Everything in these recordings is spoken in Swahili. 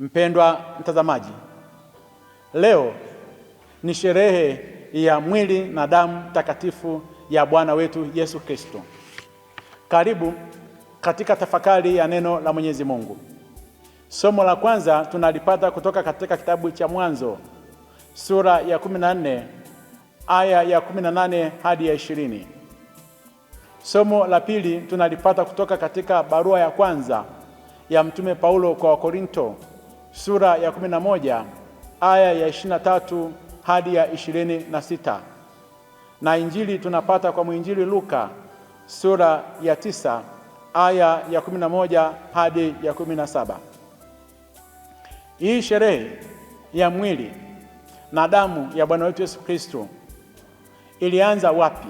Mpendwa mtazamaji, leo ni sherehe ya mwili na damu takatifu ya Bwana wetu Yesu Kristo. Karibu katika tafakari ya neno la Mwenyezi Mungu. Somo la kwanza tunalipata kutoka katika kitabu cha Mwanzo sura ya 14 aya ya 18 hadi ya 20. Somo la pili tunalipata kutoka katika barua ya kwanza ya Mtume Paulo kwa Wakorinto sura ya 11 aya ya 23 hadi ya 26 na injili tunapata kwa mwinjili Luka sura ya tisa aya ya 11 hadi ya 17. Hii sherehe ya mwili na damu ya Bwana wetu Yesu Kristo ilianza wapi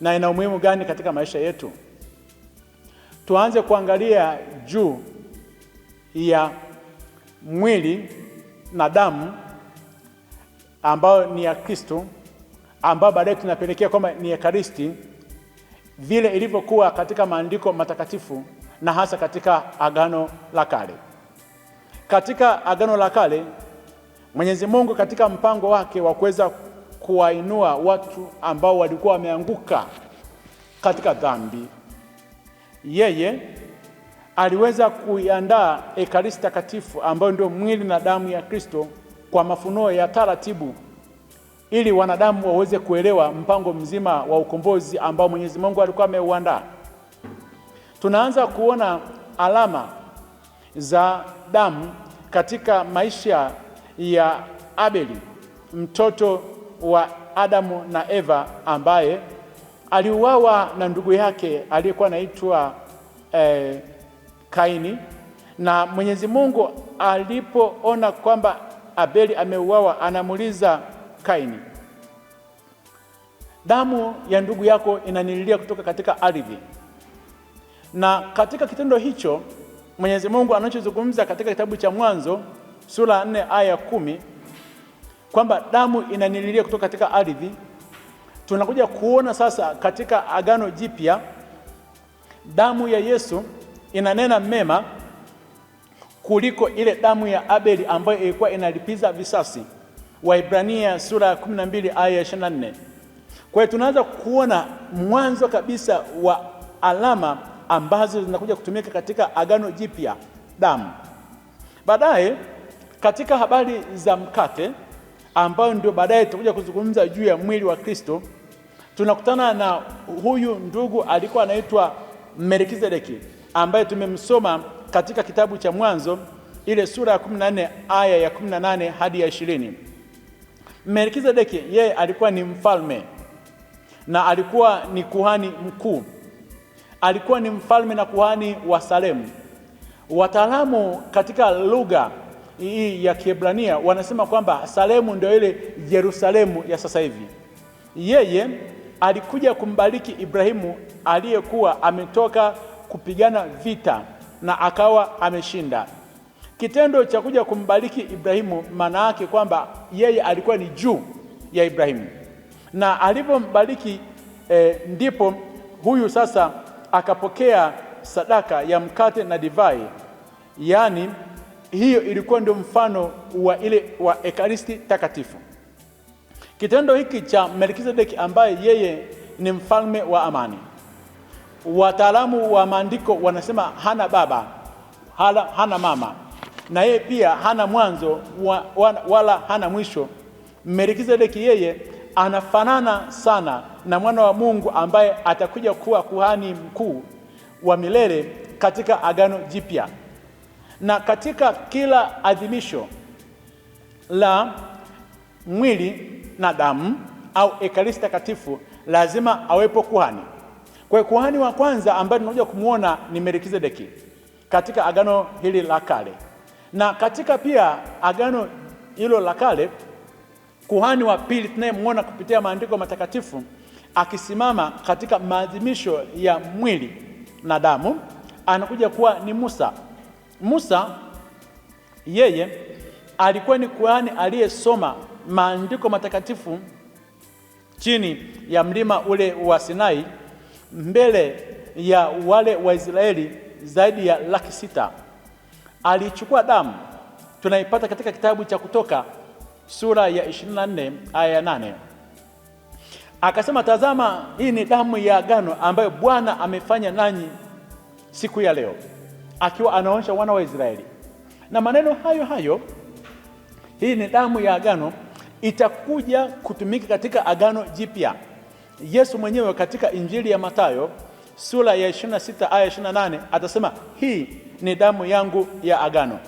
na ina umuhimu gani katika maisha yetu? Tuanze kuangalia juu ya mwili na damu ambayo ni ya Kristo, ambayo baadaye tunapelekea kwamba ni Ekaristi vile ilivyokuwa katika maandiko matakatifu na hasa katika Agano la Kale. Katika Agano la Kale, Mwenyezi Mungu katika mpango wake wa kuweza kuwainua watu ambao walikuwa wameanguka katika dhambi, yeye aliweza kuiandaa Ekaristi Takatifu ambayo ndio mwili na damu ya Kristo kwa mafunuo ya taratibu, ili wanadamu waweze kuelewa mpango mzima wa ukombozi ambao Mwenyezi Mungu alikuwa ameuandaa. Tunaanza kuona alama za damu katika maisha ya Abeli, mtoto wa Adamu na Eva, ambaye aliuawa na ndugu yake aliyekuwa anaitwa eh, Kaini, na Mwenyezi Mungu alipoona kwamba Abeli ameuawa, anamuuliza Kaini, damu ya ndugu yako inanililia kutoka katika ardhi. Na katika kitendo hicho Mwenyezi Mungu anachozungumza katika kitabu cha Mwanzo sura nne aya kumi kwamba damu inanililia kutoka katika ardhi. Tunakuja kuona sasa katika Agano Jipya damu ya Yesu inanena mema kuliko ile damu ya Abeli ambayo ilikuwa inalipiza visasi. Waibrania sura ya 12 aya ya 24. Kwa hiyo tunaanza kuona mwanzo kabisa wa alama ambazo zinakuja kutumika katika Agano Jipya, damu. Baadaye katika habari za mkate ambayo ndio baadaye tutakuja kuzungumza juu ya mwili wa Kristo, tunakutana na huyu ndugu alikuwa anaitwa Melkizedeki ambaye tumemsoma katika kitabu cha Mwanzo ile sura ya 14 aya ya 18 hadi ya ishirini. Melkizedeki yeye alikuwa ni mfalme na alikuwa ni kuhani mkuu, alikuwa ni mfalme na kuhani wa Salemu. Wataalamu katika lugha hii ya Kiebrania wanasema kwamba Salemu ndio ile Yerusalemu ya sasa hivi. Yeye alikuja kumbariki Ibrahimu aliyekuwa ametoka kupigana vita na akawa ameshinda. Kitendo cha kuja kumbariki Ibrahimu maana yake kwamba yeye alikuwa ni juu ya Ibrahimu, na alipombariki e, ndipo huyu sasa akapokea sadaka ya mkate na divai. Yaani hiyo ilikuwa ndio mfano wa ile wa Ekaristi Takatifu. Kitendo hiki cha Melkizedeki ambaye yeye ni mfalme wa amani Wataalamu wa maandiko wanasema hana baba hala, hana mama na yeye pia hana mwanzo wa, wa, wala hana mwisho. Melkizedeki yeye anafanana sana na mwana wa Mungu ambaye atakuja kuwa kuhani mkuu wa milele katika Agano Jipya. Na katika kila adhimisho la mwili na damu au ekaristi takatifu lazima awepo kuhani. Kwa hiyo kuhani wa kwanza ambaye tunakuja kumwona ni Melkizedeki katika agano hili la kale, na katika pia agano hilo la kale kuhani wa pili tunayemwona kupitia maandiko matakatifu akisimama katika maadhimisho ya mwili na damu anakuja kuwa ni Musa. Musa yeye alikuwa ni kuhani aliyesoma maandiko matakatifu chini ya mlima ule wa Sinai mbele ya wale Waisraeli zaidi ya laki sita. Alichukua damu, tunaipata katika kitabu cha Kutoka sura ya 24 aya ya 8. Akasema, tazama, hii ni damu ya agano ambayo Bwana amefanya nanyi siku ya leo, akiwa anaonyesha wana wa Israeli na maneno hayo hayo, hii ni damu ya agano itakuja kutumika katika agano jipya. Yesu mwenyewe katika Injili ya Mathayo sura ya 26 aya 28 atasema hii ni damu yangu ya agano.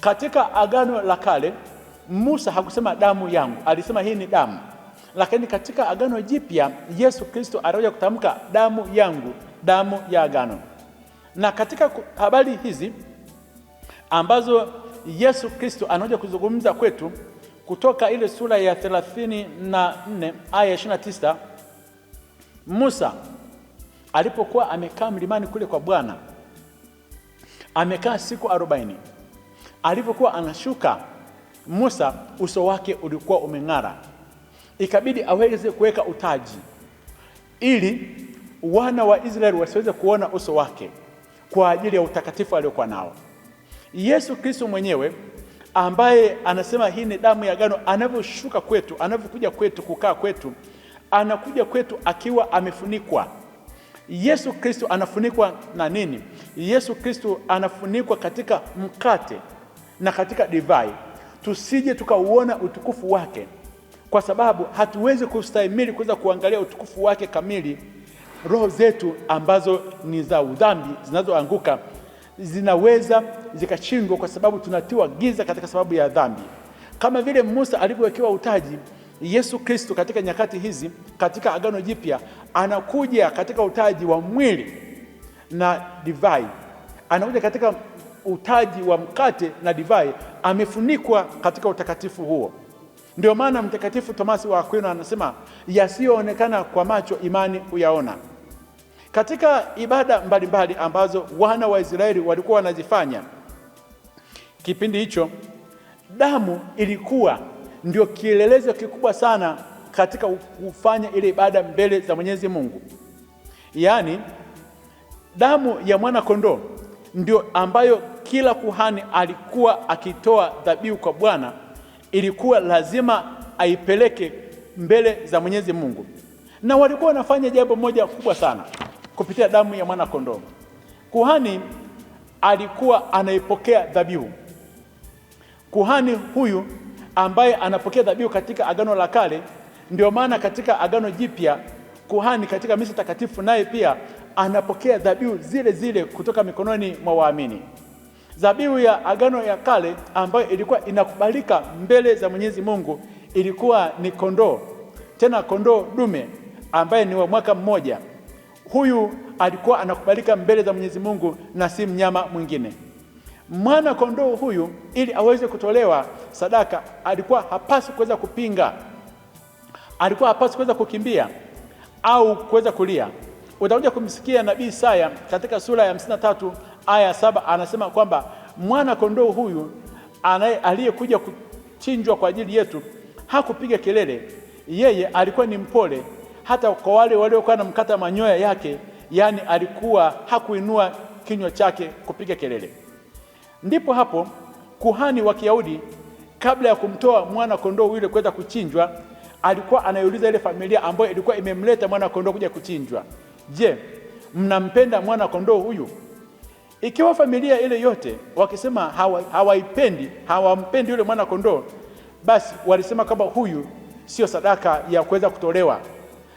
Katika agano la kale Musa hakusema damu yangu, alisema hii ni damu. Lakini katika agano jipya Yesu Kristo atakuja kutamka damu yangu, damu ya agano. Na katika habari hizi ambazo Yesu Kristo anakuja kuzungumza kwetu kutoka ile sura ya 34 aya 29 Musa alipokuwa amekaa mlimani kule kwa Bwana, amekaa siku arobaini. Alipokuwa anashuka Musa, uso wake ulikuwa umeng'ara, ikabidi aweze kuweka utaji ili wana wa Israeli wasiweze kuona uso wake kwa ajili ya utakatifu aliokuwa nao. Yesu Kristo mwenyewe ambaye anasema hii ni damu ya agano, anavyoshuka kwetu, anavyokuja kwetu, kukaa kwetu anakuja kwetu akiwa amefunikwa. Yesu Kristo anafunikwa na nini? Yesu Kristo anafunikwa katika mkate na katika divai, tusije tukauona utukufu wake, kwa sababu hatuwezi kustahimili kuweza kuangalia utukufu wake kamili. Roho zetu ambazo ni za udhambi zinazoanguka zinaweza zikashindwa, kwa sababu tunatiwa giza katika sababu ya dhambi, kama vile Musa alivyowekewa utaji Yesu Kristo katika nyakati hizi katika Agano Jipya anakuja katika utaji wa mwili na divai, anakuja katika utaji wa mkate na divai, amefunikwa katika utakatifu huo. Ndio maana Mtakatifu Tomasi wa Akwino anasema yasiyoonekana kwa macho imani huyaona. Katika ibada mbalimbali ambazo wana wa Israeli walikuwa wanazifanya kipindi hicho, damu ilikuwa ndio kielelezo kikubwa sana katika kufanya ile ibada mbele za Mwenyezi Mungu. Yaani, damu ya mwana kondoo ndio ambayo kila kuhani alikuwa akitoa dhabihu kwa Bwana, ilikuwa lazima aipeleke mbele za Mwenyezi Mungu, na walikuwa wanafanya jambo moja kubwa sana kupitia damu ya mwana kondoo. Kuhani alikuwa anaipokea dhabihu. Kuhani huyu ambaye anapokea dhabihu katika Agano la Kale. Ndio maana katika Agano Jipya kuhani katika misa takatifu naye pia anapokea dhabihu zile zile kutoka mikononi mwa waamini. Dhabihu ya Agano ya Kale ambayo ilikuwa inakubalika mbele za Mwenyezi Mungu ilikuwa ni kondoo, tena kondoo dume ambaye ni wa mwaka mmoja. Huyu alikuwa anakubalika mbele za Mwenyezi Mungu na si mnyama mwingine mwana kondoo huyu ili aweze kutolewa sadaka, alikuwa hapasi kuweza kupinga, alikuwa hapasi kuweza kukimbia au kuweza kulia. Utakuja kumsikia nabii Isaya katika sura ya hamsini tatu aya saba anasema kwamba mwana kondoo huyu aliyekuja kuchinjwa kwa ajili yetu hakupiga kelele, yeye alikuwa ni mpole hata kwa wale waliokuwa na mkata manyoya yake, yaani alikuwa hakuinua kinywa chake kupiga kelele. Ndipo hapo kuhani wa Kiyahudi kabla ya kumtoa mwana kondoo yule kwenda kuchinjwa, alikuwa anaiuliza ile familia ambayo ilikuwa imemleta mwana kondoo kuja kuchinjwa, je, mnampenda mwana kondoo huyu? Ikiwa familia ile yote wakisema hawaipendi, hawa hawampendi yule mwana kondoo, basi walisema kwamba huyu sio sadaka ya kuweza kutolewa,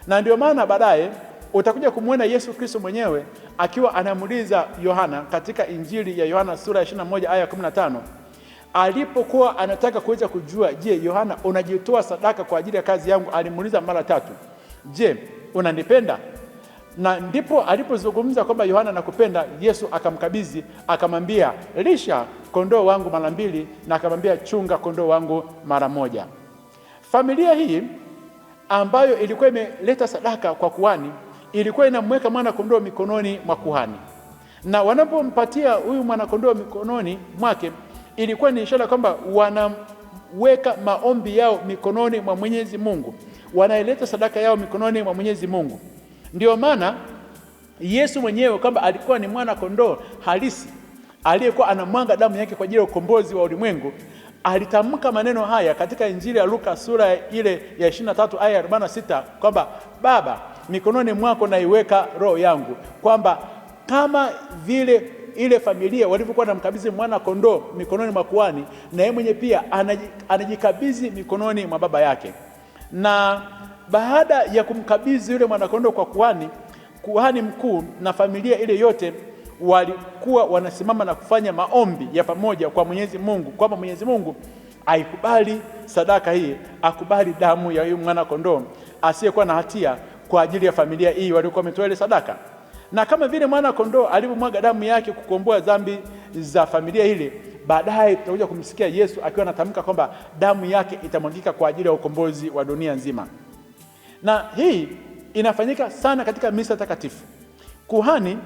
na ndio maana baadaye utakuja kumwona Yesu Kristo mwenyewe akiwa anamuuliza Yohana katika Injili ya Yohana sura ya 21 aya 15 alipokuwa anataka kuweza kujua, je, Yohana, unajitoa sadaka kwa ajili ya kazi yangu? Alimuuliza mara tatu, je, unanipenda? Na ndipo alipozungumza kwamba Yohana nakupenda, Yesu akamkabidhi, akamwambia lisha kondoo wangu mara mbili, na akamwambia chunga kondoo wangu mara moja. Familia hii ambayo ilikuwa imeleta sadaka kwa kuhani ilikuwa inamweka mwana kondoo mikononi mwa kuhani, na wanapompatia huyu kondoo mikononi mwake ilikuwa ni ishara kwamba wanaweka maombi yao mikononi mwa Mwenyezi Mungu, wanaileta sadaka yao mikononi mwa Mwenyezi Mungu. ndio maana Yesu mwenyewe kwamba alikuwa ni mwana kondoo halisi aliyekuwa anamwanga damu yake kwa ajili ya ukombozi wa ulimwengu, alitamka maneno haya katika Injili ya Luka sura ile ya 23 aya 46 kwamba Baba mikononi mwako naiweka roho yangu, kwamba kama vile ile familia walivyokuwa namkabidhi mwana kondoo mikononi mwa kuhani, na yeye mwenye pia anajikabidhi mikononi mwa baba yake. Na baada ya kumkabidhi yule kondoo kwa kuhani, kuhani mkuu na familia ile yote walikuwa wanasimama na kufanya maombi ya pamoja kwa Mwenyezi Mungu, kwamba Mwenyezi Mungu aikubali sadaka hii, akubali damu ya huyu mwana kondoo asiyekuwa na hatia kwa ajili ya familia hii waliokuwa wametoa ile sadaka, na kama vile mwana kondoo alivyomwaga damu yake kukomboa dhambi za familia ile, baadaye tutakuja kumsikia Yesu akiwa anatamka kwamba damu yake itamwagika kwa ajili ya ukombozi wa dunia nzima, na hii inafanyika sana katika misa takatifu. Kuhani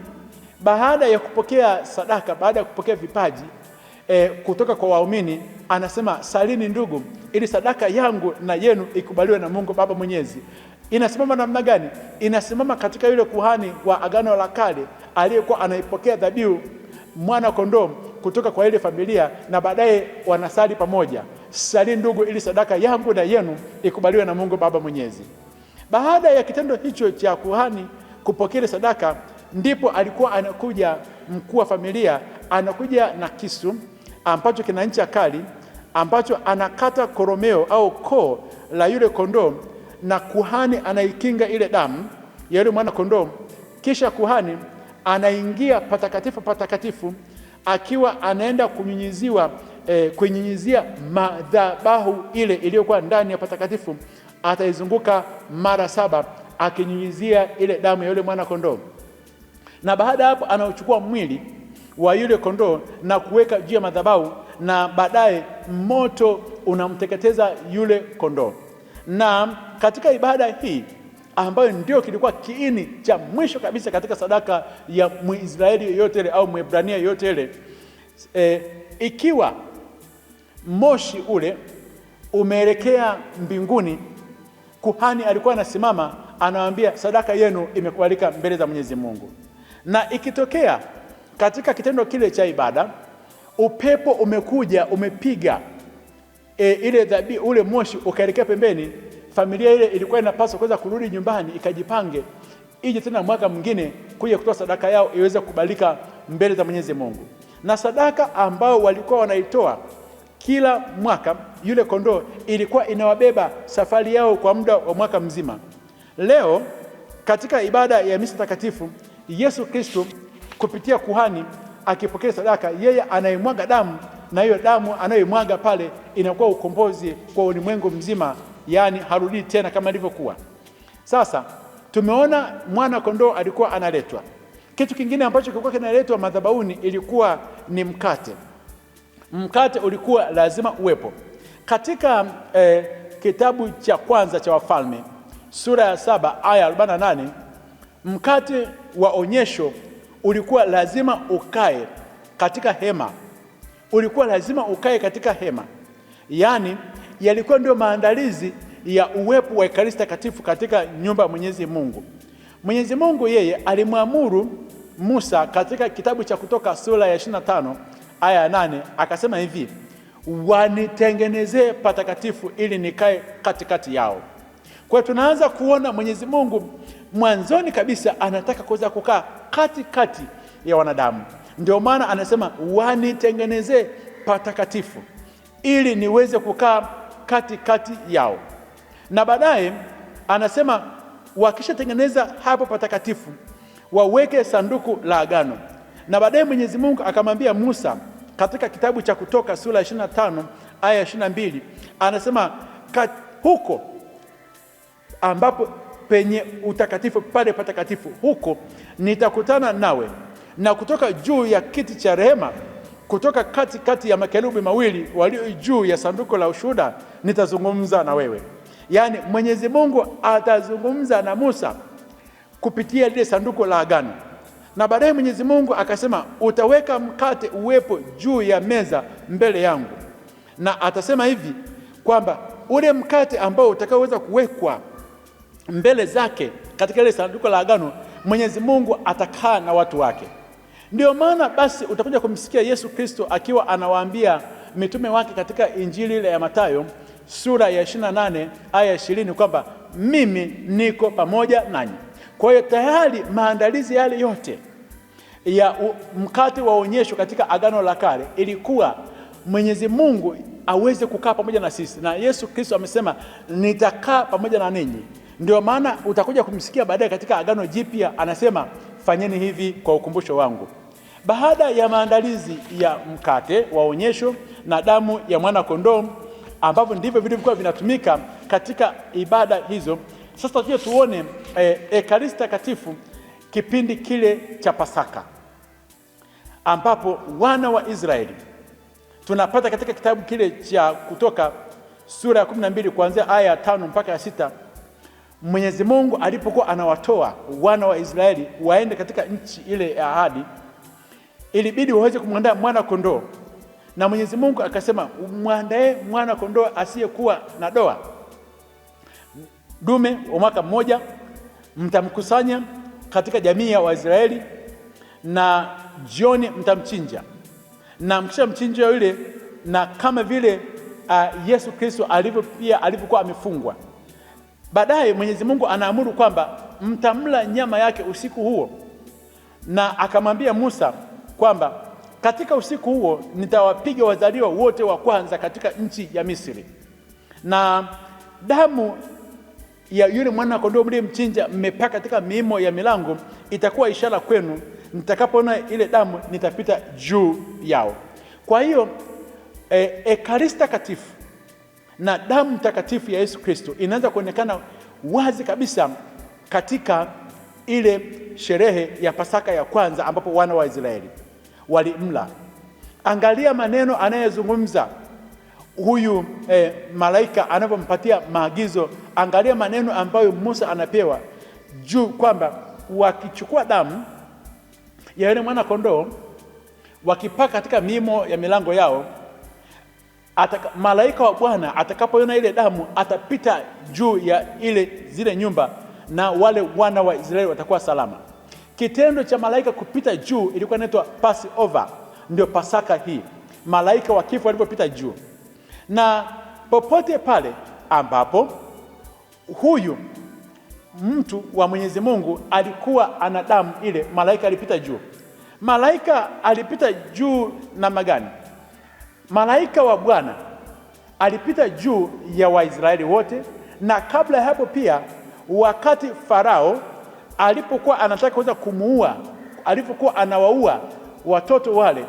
baada ya kupokea sadaka, baada ya kupokea vipaji e, kutoka kwa waumini, anasema salini ndugu, ili sadaka yangu na yenu ikubaliwe na Mungu Baba Mwenyezi. Inasimama namna gani? Inasimama katika yule kuhani wa Agano la Kale aliyekuwa anaipokea dhabihu mwana kondoo kutoka kwa ile familia, na baadaye wanasali pamoja, sali ndugu, ili sadaka yangu na yenu ikubaliwe na Mungu Baba Mwenyezi. Baada ya kitendo hicho cha kuhani kupokea ile sadaka, ndipo alikuwa anakuja mkuu wa familia, anakuja na kisu ambacho kina ncha kali, ambacho anakata koromeo au koo la yule kondoo na kuhani anaikinga ile damu ya yule mwana kondoo. Kisha kuhani anaingia patakatifu patakatifu akiwa anaenda kunyunyiziwa e, eh, kuinyunyizia madhabahu ile iliyokuwa ndani ya patakatifu. Ataizunguka mara saba akinyunyizia ile damu ya yule mwana kondoo, na baada ya hapo anauchukua mwili wa yule kondoo na kuweka juu ya madhabahu, na baadaye moto unamteketeza yule kondoo na katika ibada hii ambayo ndio kilikuwa kiini cha mwisho kabisa katika sadaka ya Mwisraeli yoyote ile au Mwebrania yoyote ile e, ikiwa moshi ule umeelekea mbinguni, kuhani alikuwa anasimama anawaambia, sadaka yenu imekubalika mbele za Mwenyezi Mungu. Na ikitokea katika kitendo kile cha ibada upepo umekuja umepiga e, ile dhabihu, ule moshi ukaelekea pembeni familia ile ilikuwa inapaswa kuweza kurudi nyumbani ikajipange ije tena mwaka mwingine kuja kutoa sadaka yao iweze kubalika mbele za Mwenyezi Mungu. Na sadaka ambao walikuwa wanaitoa kila mwaka, yule kondoo ilikuwa inawabeba safari yao kwa muda wa mwaka mzima. Leo katika ibada ya misa takatifu, Yesu Kristo kupitia kuhani akipokea sadaka, yeye anayemwaga damu, na hiyo damu anayoimwaga pale inakuwa ukombozi kwa ulimwengu mzima yaani harudii tena kama ilivyokuwa. Sasa tumeona mwana kondoo alikuwa analetwa. Kitu kingine ambacho kilikuwa kinaletwa madhabahuni ilikuwa ni mkate. Mkate ulikuwa lazima uwepo katika eh, kitabu cha kwanza cha Wafalme sura ya saba aya 48 mkate wa onyesho ulikuwa lazima ukae katika hema, ulikuwa lazima ukae katika hema, yaani yalikuwa ndio maandalizi ya uwepo wa Ekaristi Takatifu katika nyumba ya Mwenyezi Mungu. Mwenyezi Mungu yeye alimwamuru Musa katika kitabu cha Kutoka sura ya 25 aya ya 8 akasema hivi, wanitengenezee patakatifu ili nikae katikati yao. Kwa hiyo tunaanza kuona Mwenyezi Mungu mwanzoni kabisa anataka kuweza kukaa katikati ya wanadamu. Ndio maana anasema wanitengenezee patakatifu ili niweze kukaa kati yao. Na baadaye anasema wakishatengeneza hapo patakatifu waweke sanduku la agano. Na baadaye Mwenyezi Mungu akamwambia Musa katika kitabu cha Kutoka sura ya 25 aya ya 22, anasema huko ambapo penye utakatifu pale patakatifu, huko nitakutana nawe na kutoka juu ya kiti cha rehema kutoka katikati kati ya makerubi mawili walio juu ya sanduku la ushuhuda nitazungumza na wewe. Yaani Mwenyezi Mungu atazungumza na Musa kupitia lile sanduku la agano, na baadaye Mwenyezi Mungu akasema, utaweka mkate uwepo juu ya meza mbele yangu, na atasema hivi kwamba ule mkate ambao utakaoweza kuwekwa mbele zake katika ile sanduku la agano, Mwenyezi Mungu atakaa na watu wake. Ndio maana basi utakuja kumsikia Yesu Kristo akiwa anawaambia mitume wake katika Injili ile ya Mathayo sura ya 28 aya 20 kwamba mimi niko pamoja nanyi. Kwa hiyo tayari maandalizi yale yote ya mkate wa onyesho katika Agano la Kale ilikuwa Mwenyezi Mungu aweze kukaa pamoja na sisi, na Yesu Kristo amesema nitakaa pamoja na ninyi. Ndio maana utakuja kumsikia baadaye katika Agano Jipya anasema fanyeni hivi kwa ukumbusho wangu. Baada ya maandalizi ya mkate wa onyesho na damu ya mwana kondoo, ambavyo ndivyo vilivyokuwa vinatumika katika ibada hizo, sasa tuje tuone e, Ekaristi Takatifu kipindi kile cha Pasaka, ambapo wana wa Israeli tunapata katika kitabu kile cha Kutoka sura ya 12 kuanzia aya ya tano mpaka ya sita. Mwenyezi Mungu alipokuwa anawatoa wana wa Israeli waende katika nchi ile ya ahadi ilibidi waweze kumwandaa mwana kondoo, na Mwenyezi Mungu akasema mwandae mwana kondoo asiyekuwa na doa, dume wa mwaka mmoja, mtamkusanya katika jamii ya Waisraeli na jioni mtamchinja, na mkisha mchinja yule, na kama vile uh, Yesu Kristo alivyo pia alivyokuwa amefungwa. Baadaye Mwenyezi Mungu anaamuru kwamba mtamla nyama yake usiku huo, na akamwambia Musa kwamba katika usiku huo nitawapiga wazaliwa wote wa kwanza katika nchi ya Misri, na damu ya yule mwana kondoo mchinja mmepaka katika miimo ya milango itakuwa ishara kwenu. Nitakapoona ile damu nitapita juu yao. Kwa hiyo e, Ekaristi takatifu na damu takatifu ya Yesu Kristo inaanza kuonekana wazi kabisa katika ile sherehe ya Pasaka ya kwanza ambapo wana wa Israeli walimla. Angalia maneno anayezungumza huyu eh, malaika anavyompatia maagizo. Angalia maneno ambayo Musa anapewa juu kwamba wakichukua damu ya yule mwana kondoo wakipaka katika mimo ya milango yao ataka, malaika wa Bwana atakapoona ile damu atapita juu ya ile zile nyumba na wale wana wa Israeli watakuwa salama. Kitendo cha malaika kupita juu ilikuwa inaitwa Passover, ndio Pasaka hii, malaika wa kifo walipopita juu. Na popote pale ambapo huyu mtu wa Mwenyezi Mungu alikuwa ana damu ile, malaika alipita juu. Malaika alipita juu namna gani? Malaika wa Bwana alipita juu ya Waisraeli wote, na kabla ya hapo pia, wakati Farao alipokuwa anataka kuweza kumuua, alipokuwa anawaua watoto wale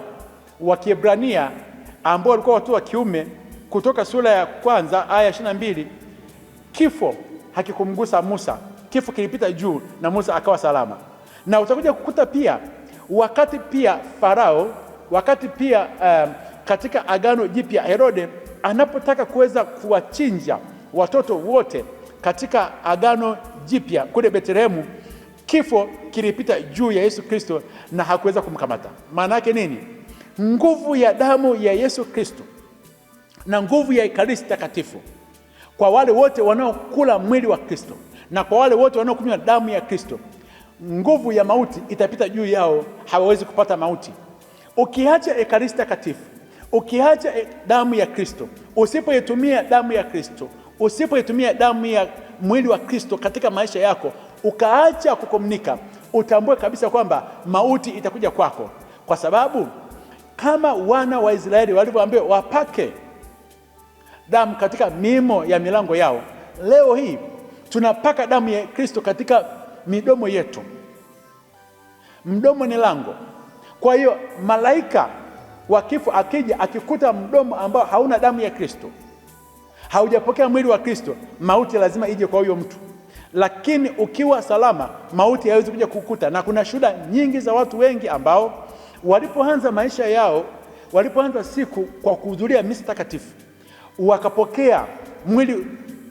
wa Kiebrania ambao walikuwa watoto wa kiume, kutoka sura ya kwanza aya ishirini na mbili kifo hakikumgusa Musa, kifo kilipita juu na Musa akawa salama. Na utakuja kukuta pia wakati pia Farao, wakati pia um, katika Agano Jipya Herode anapotaka kuweza kuwachinja watoto wote katika Agano Jipya kule Betlehemu Kifo kilipita juu ya Yesu Kristo na hakuweza kumkamata. Maana yake nini? Nguvu ya damu ya Yesu Kristo na nguvu ya Ekaristi Takatifu kwa wale wote wanaokula mwili wa Kristo na kwa wale wote wanaokunywa damu ya Kristo, nguvu ya mauti itapita juu yao, hawawezi kupata mauti. Ukiacha Ekaristi Takatifu, ukiacha e, damu ya Kristo, usipoitumia damu ya Kristo, usipoitumia damu ya mwili wa Kristo katika maisha yako, ukaacha kukomunika, utambue kabisa kwamba mauti itakuja kwako, kwa sababu kama wana wa Israeli walivyoambiwa wapake damu katika miimo ya milango yao, leo hii tunapaka damu ya Kristo katika midomo yetu. Mdomo ni lango. Kwa hiyo malaika wa kifo akija, akikuta mdomo ambao hauna damu ya Kristo, haujapokea mwili wa Kristo, mauti lazima ije kwa huyo mtu lakini ukiwa salama, mauti hayawezi kuja kukuta. Na kuna shuhuda nyingi za watu wengi ambao walipoanza maisha yao, walipoanza siku kwa kuhudhuria misa takatifu, wakapokea mwili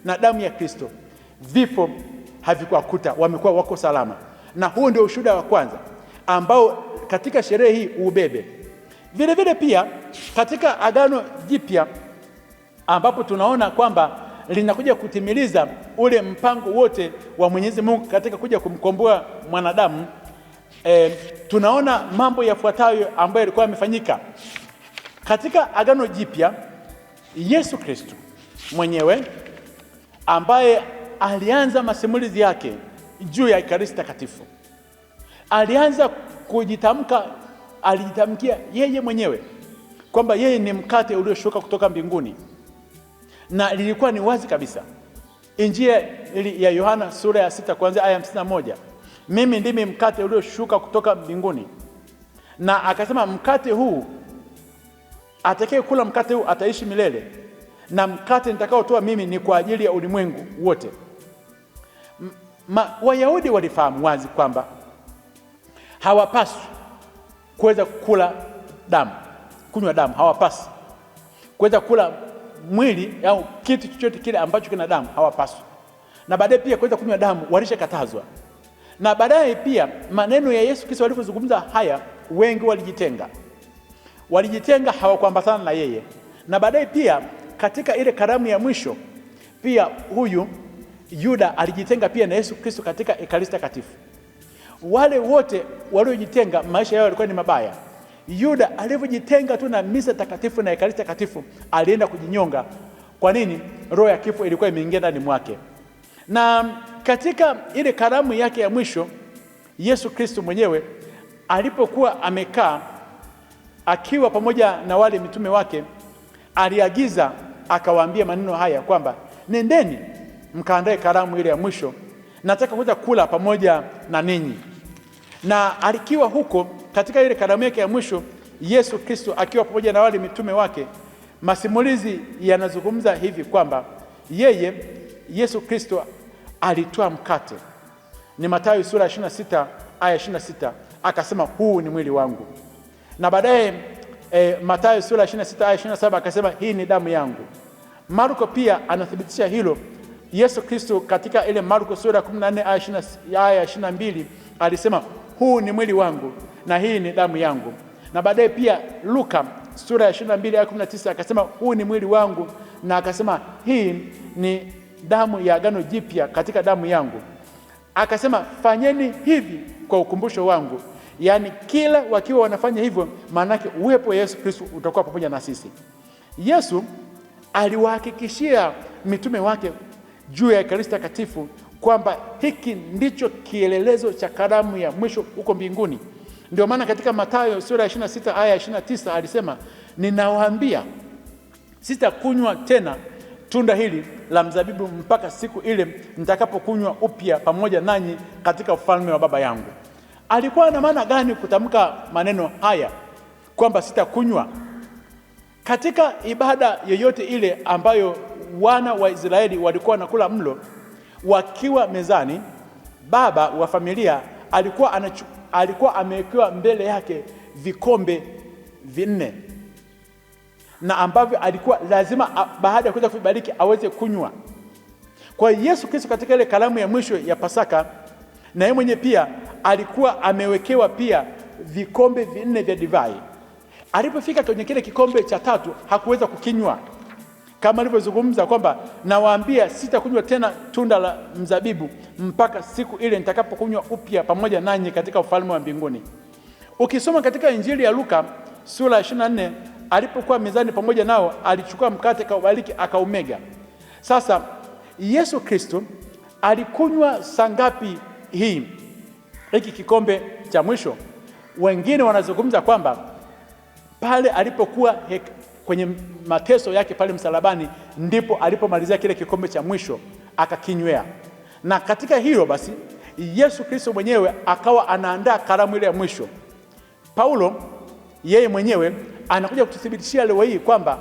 na damu ya Kristo, vifo havikuwakuta, wamekuwa wako salama. Na huo ndio ushuhuda wa kwanza ambao katika sherehe hii ubebe. Vilevile pia katika Agano Jipya ambapo tunaona kwamba linakuja kutimiliza ule mpango wote wa Mwenyezi Mungu katika kuja kumkomboa mwanadamu. E, tunaona mambo yafuatayo ambayo yalikuwa yamefanyika katika Agano Jipya. Yesu Kristo mwenyewe ambaye alianza masimulizi yake juu ya Ekaristi Takatifu, alianza kujitamka, alijitamkia yeye mwenyewe kwamba yeye ni mkate ulioshuka kutoka mbinguni na lilikuwa ni wazi kabisa. Injili ya Yohana sura ya sita kuanzia aya hamsini na moja mimi ndimi mkate ulioshuka kutoka mbinguni, na akasema mkate huu, atakaye kula mkate huu ataishi milele, na mkate nitakaotoa mimi ni kwa ajili ya ulimwengu wote. Wayahudi walifahamu wazi kwamba hawapaswi kuweza kula damu, kunywa damu, hawapaswi kuweza kula mwili au kitu chochote kile ambacho kina damu hawapaswi, na baadaye pia kuweza kunywa damu walishakatazwa. Na baadaye pia maneno ya Yesu Kristo walivyozungumza haya, wengi walijitenga, walijitenga, hawakuambatana na yeye. Na baadaye pia katika ile karamu ya mwisho pia huyu Yuda alijitenga pia na Yesu Kristo katika Ekaristi Takatifu. Wale wote waliojitenga, maisha yao yalikuwa ni mabaya. Yuda alivyojitenga tu na misa takatifu na ekaristi takatifu, alienda kujinyonga. Kwa nini? Roho ya kifo ilikuwa imeingia ndani mwake. Na katika ile karamu yake ya mwisho, Yesu Kristo mwenyewe alipokuwa amekaa akiwa pamoja na wale mitume wake, aliagiza akawaambia maneno haya kwamba nendeni mkaandae karamu ile ya mwisho, nataka kuja kula pamoja na ninyi. Na alikiwa huko katika ile karamu yake ya mwisho Yesu Kristo akiwa pamoja na wale mitume wake, masimulizi yanazungumza hivi kwamba yeye Yesu Kristo alitoa mkate, ni Mathayo sura ya 26 aya 26, akasema huu ni mwili wangu, na baadaye e, Mathayo sura ya 26 aya 27 akasema hii ni damu yangu. Marko pia anathibitisha hilo. Yesu Kristo katika ile Marko sura ya 14 aya 22 alisema huu ni mwili wangu na hii ni damu yangu. Na baadaye pia Luka sura ya 22 aya 19 akasema huu ni mwili wangu, na akasema hii ni damu ya agano jipya katika damu yangu, akasema fanyeni hivi kwa ukumbusho wangu. Yaani kila wakiwa wanafanya hivyo, maanake uwepo wa Yesu Kristo utakuwa pamoja na sisi. Yesu aliwahakikishia mitume wake juu ya Ekaristi takatifu kwamba hiki ndicho kielelezo cha karamu ya mwisho huko mbinguni. Ndio maana katika Mathayo sura ya 26 aya 29 alisema, ninawaambia sitakunywa tena tunda hili la mzabibu mpaka siku ile nitakapokunywa upya pamoja nanyi katika ufalme wa Baba yangu. Alikuwa na maana gani kutamka maneno haya kwamba sitakunywa? Katika ibada yoyote ile ambayo wana wa Israeli walikuwa wanakula mlo Wakiwa mezani, baba wa familia alikuwa, anachu, alikuwa amewekewa mbele yake vikombe vinne na ambavyo alikuwa lazima baada ya kuweza kuvibariki aweze kunywa. Kwa Yesu Kristo katika ile karamu ya mwisho ya Pasaka, na yeye mwenyewe pia alikuwa amewekewa pia vikombe vinne vya divai. Alipofika kwenye kile kikombe cha tatu hakuweza kukinywa kama alivyozungumza kwamba nawaambia, sitakunywa tena tunda la mzabibu mpaka siku ile nitakapokunywa upya pamoja nanyi katika ufalme wa mbinguni. Ukisoma katika Injili ya Luka sura ya 24, alipokuwa mezani pamoja nao, alichukua mkate, kaubariki, akaumega. Sasa Yesu Kristo alikunywa sangapi hii hiki kikombe cha mwisho? Wengine wanazungumza kwamba pale alipokuwa kwenye mateso yake pale msalabani, ndipo alipomalizia kile kikombe cha mwisho akakinywea. Na katika hiyo basi, Yesu Kristo mwenyewe akawa anaandaa karamu ile ya mwisho. Paulo yeye mwenyewe anakuja kututhibitishia leo hii kwamba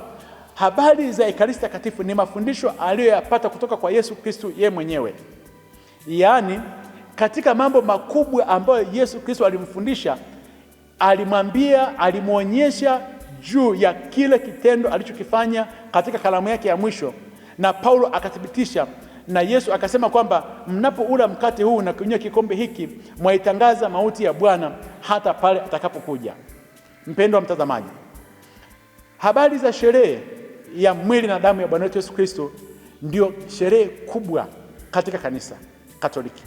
habari za Ekaristi Takatifu ni mafundisho aliyoyapata kutoka kwa Yesu Kristo yeye mwenyewe, yaani katika mambo makubwa ambayo Yesu Kristo alimfundisha, alimwambia, alimwonyesha juu ya kile kitendo alichokifanya katika kalamu yake ya mwisho, na Paulo akathibitisha na Yesu akasema kwamba mnapoula mkate huu na kunywa kikombe hiki mwaitangaza mauti ya Bwana hata pale atakapokuja. Mpendwa mtazamaji, habari za sherehe ya mwili na damu ya Bwana wetu Yesu Kristo ndio sherehe kubwa katika kanisa Katoliki,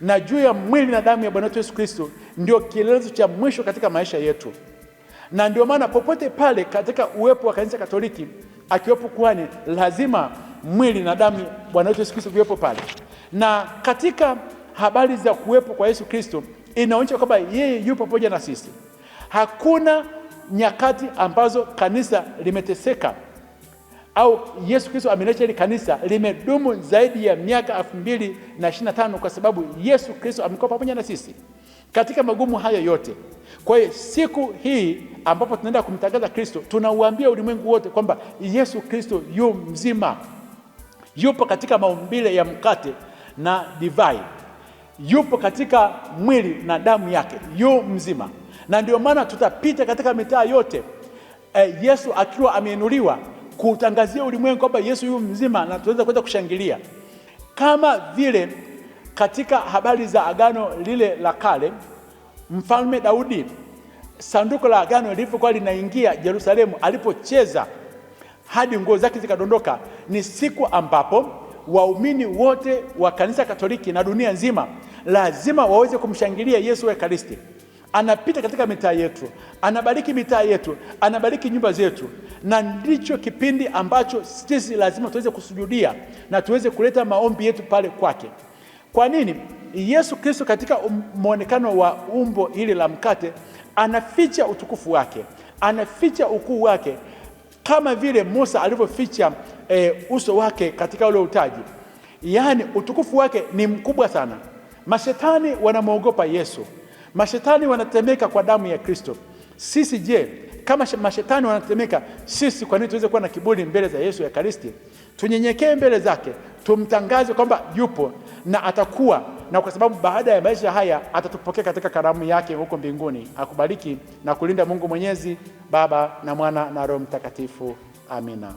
na juu ya mwili na damu ya Bwana wetu Yesu Kristo ndio kielelezo cha mwisho katika maisha yetu na ndio maana popote pale katika uwepo wa kanisa Katoliki akiwepo kuhani, lazima mwili na damu Bwana wetu Yesu Kristo viwepo pale, na katika habari za kuwepo kwa Yesu Kristo inaonyesha kwamba yeye yupo pamoja na sisi. Hakuna nyakati ambazo kanisa limeteseka au Yesu Kristo ameliacha ili kanisa limedumu zaidi ya miaka elfu mbili na ishirini na tano kwa sababu Yesu Kristo amekuwa pamoja na sisi katika magumu haya yote. Kwa hiyo siku hii ambapo tunaenda kumtangaza Kristo, tunauambia ulimwengu wote kwamba Yesu Kristo yu mzima, yupo katika maumbile ya mkate na divai, yupo katika mwili na damu yake, yu mzima. Na ndio maana tutapita katika mitaa yote e, Yesu akiwa ameinuliwa kutangazia ulimwengu kwamba Yesu yu mzima, na tunaweza kwenda kushangilia kama vile katika habari za agano lile la kale, mfalme Daudi, sanduku la agano lilivyokuwa linaingia Yerusalemu, alipocheza hadi nguo zake zikadondoka, ni siku ambapo waumini wote wa kanisa Katoliki na dunia nzima lazima waweze kumshangilia Yesu wa Ekaristi. Anapita katika mitaa yetu, anabariki mitaa yetu, anabariki nyumba zetu, na ndicho kipindi ambacho sisi lazima tuweze kusujudia na tuweze kuleta maombi yetu pale kwake. Kwa nini? Yesu Kristo katika um-, mwonekano wa umbo hili la mkate anaficha utukufu wake, anaficha ukuu wake, kama vile Musa alivyoficha e, uso wake katika ule utaji. Yaani utukufu wake ni mkubwa sana. Mashetani wanamwogopa Yesu, mashetani wanatemeka kwa damu ya Kristo. Sisi je, kama mashetani wanatemeka, sisi kwa nini tuweze kuwa na kiburi mbele za Yesu Ekaristi? Tunyenyekee mbele zake tumtangaze kwamba yupo na atakuwa na kwa sababu baada ya maisha haya atatupokea katika karamu yake huko mbinguni. Akubariki na kulinda Mungu Mwenyezi, Baba na Mwana na Roho Mtakatifu. Amina.